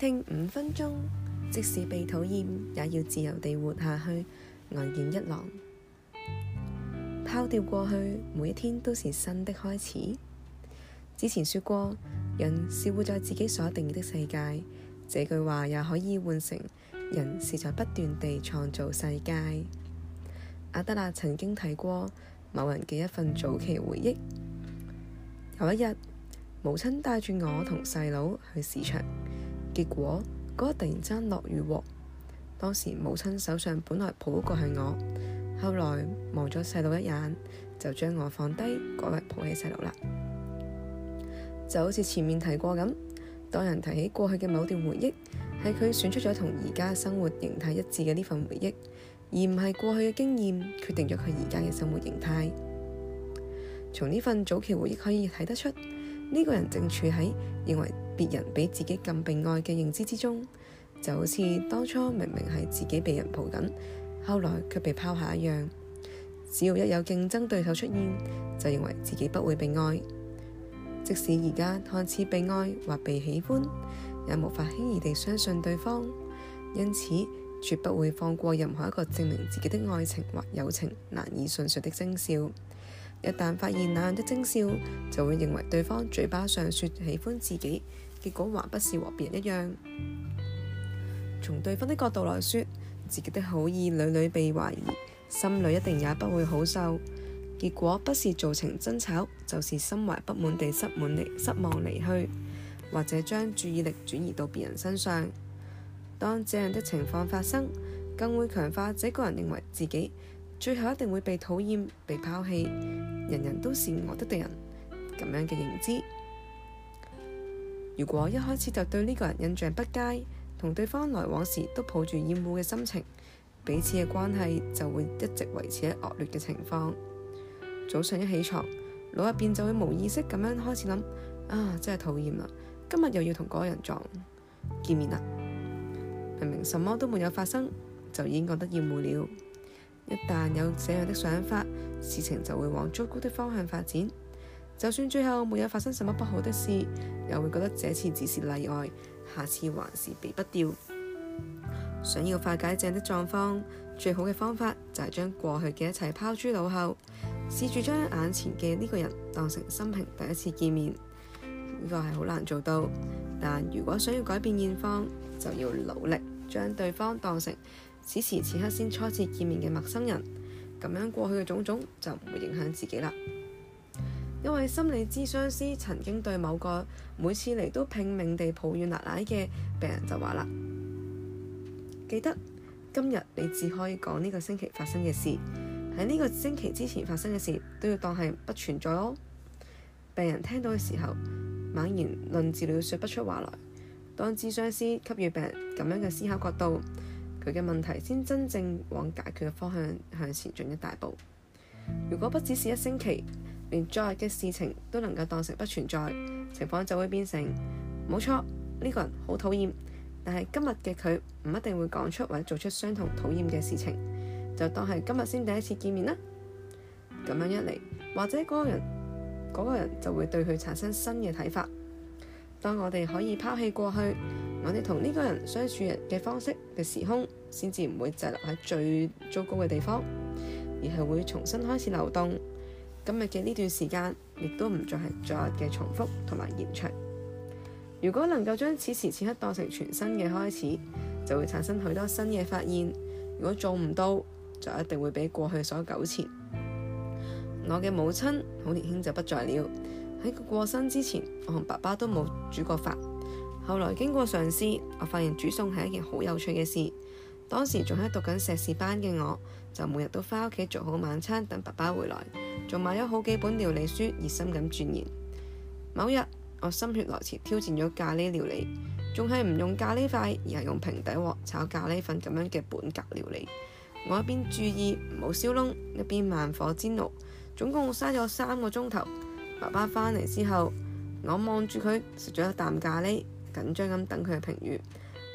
聽五分鐘，即使被討厭，也要自由地活下去。岸、呃、見一郎，拋掉過去，每一天都是新的開始。之前說過，人是活在自己所定義的世界，這句話也可以換成人是在不斷地創造世界。阿德勒曾經提過某人嘅一份早期回憶：有一日，母親帶住我同細佬去市場。結果嗰、那個、突然間落雨喎，當時母親手上本來抱個係我，後來望咗細路一眼，就將我放低，改、那、為、個、抱起細路啦。就好似前面提過咁，當人提起過去嘅某段回憶，係佢選出咗同而家生活形態一致嘅呢份回憶，而唔係過去嘅經驗決定咗佢而家嘅生活形態。從呢份早期回憶可以睇得出，呢、這個人正處喺認為。別人比自己更被愛嘅認知之中，就好似當初明明係自己被人抱緊，後來卻被拋下一樣。只要一有競爭對手出現，就認為自己不會被愛。即使而家看似被愛或被喜歡，也無法輕易地相信對方，因此絕不會放過任何一個證明自己的愛情或友情難以順遂的徵兆。一旦發現那樣的徵兆，就會認為對方嘴巴上說喜歡自己，結果還不是和別人一樣。從對方的角度來說，自己的好意屢屢被懷疑，心裏一定也不會好受。結果不是造成爭吵，就是心懷不滿地失滿失望離去，或者將注意力轉移到別人身上。當這樣的情況發生，更會強化這個人認為自己最後一定會被討厭、被拋棄，人人都是我的敵人，咁樣嘅認知。如果一開始就對呢個人印象不佳，同對方來往時都抱住厭惡嘅心情，彼此嘅關係就會一直維持喺惡劣嘅情況。早上一起床，腦入邊就會冇意識咁樣開始諗：啊，真係討厭啦！今日又要同嗰個人撞，見面啦！明明什麼都沒有發生，就已經覺得厭惡了。一旦有這樣的想法，事情就會往糟糕的方向發展。就算最後沒有發生什麼不好的事，又會覺得這次只是例外，下次還是避不掉。想要化解這樣的狀況，最好嘅方法就係將過去嘅一切拋諸腦後，試住將眼前嘅呢個人當成心平第一次見面。呢個係好難做到，但如果想要改變現況，就要努力將對方當成此時此刻先初次見面嘅陌生人，咁樣過去嘅種種就唔會影響自己啦。因為心理諮商師曾經對某個每次嚟都拼命地抱怨奶奶嘅病人就話啦：記得今日你只可以講呢個星期發生嘅事，喺呢個星期之前發生嘅事都要當係不存在咯、哦。病人聽到嘅時候，猛然論治了，説不出話來。當諮商師給予病人咁樣嘅思考角度，佢嘅問題先真正往解決嘅方向向前進一大步。如果不止是一星期。連昨日嘅事情都能夠當成不存在，情況就會變成冇錯，呢個人好討厭，但係今日嘅佢唔一定會講出或者做出相同討厭嘅事情，就當係今日先第一次見面啦。咁樣一嚟，或者嗰個人，嗰個人就會對佢產生新嘅睇法。當我哋可以拋棄過去，我哋同呢個人相處人嘅方式嘅時空，先至唔會滯留喺最糟糕嘅地方，而係會重新開始流動。今日嘅呢段時間，亦都唔再係昨日嘅重複同埋延長。如果能夠將此時此刻當成全新嘅開始，就會產生許多新嘅發現。如果做唔到，就一定會俾過去所糾纏。我嘅母親好年輕就不在了，喺佢過身之前，我同爸爸都冇煮過飯。後來經過嘗試，我發現煮餸係一件好有趣嘅事。當時仲喺讀緊碩士班嘅我，就每日都返屋企做好晚餐，等爸爸回來，仲買咗好幾本料理書，熱心咁鑽研。某日，我心血來潮挑戰咗咖喱料理，仲係唔用咖喱塊，而係用平底鑊炒咖喱粉咁樣嘅本格料理。我一邊注意唔好燒燶，一邊慢火煎爐，總共嘥咗三個鐘頭。爸爸返嚟之後，我望住佢食咗一啖咖喱，緊張咁等佢嘅評語。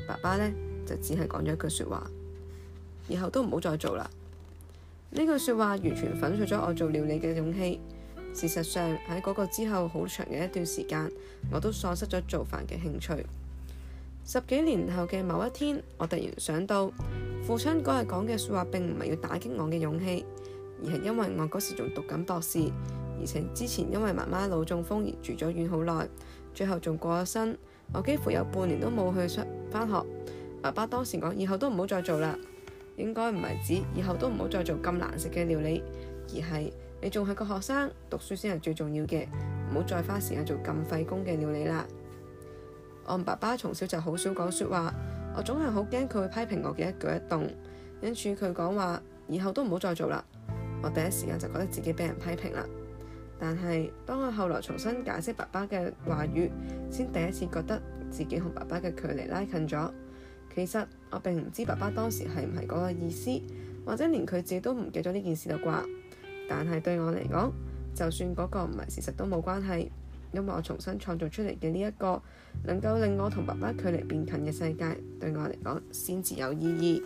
爸爸呢？就只係講咗一句說話，以後都唔好再做啦。呢句說話完全粉碎咗我做料理嘅勇氣。事實上喺嗰個之後好長嘅一段時間，我都喪失咗做飯嘅興趣。十幾年後嘅某一天，我突然想到，父親嗰日講嘅說話，並唔係要打擊我嘅勇氣，而係因為我嗰時仲讀緊博士，而且之前因為媽媽腦中風而住咗院好耐，最後仲過咗身，我幾乎有半年都冇去出翻學。爸爸當時講：以後都唔好再做啦，應該唔係指以後都唔好再做咁難食嘅料理，而係你仲係個學生，讀書先係最重要嘅，唔好再花時間做咁費工嘅料理啦。我同爸爸從小就好少講說話，我總係好驚佢會批評我嘅一舉一動。因此佢講話以後都唔好再做啦，我第一時間就覺得自己俾人批評啦。但係當我後來重新解釋爸爸嘅話語，先第一次覺得自己同爸爸嘅距離拉近咗。其實我並唔知爸爸當時係唔係嗰個意思，或者連佢自己都唔記咗呢件事啦啩。但係對我嚟講，就算嗰個唔係事實都冇關係，因為我重新創造出嚟嘅呢一個，能夠令我同爸爸距離變近嘅世界，對我嚟講先至有意義。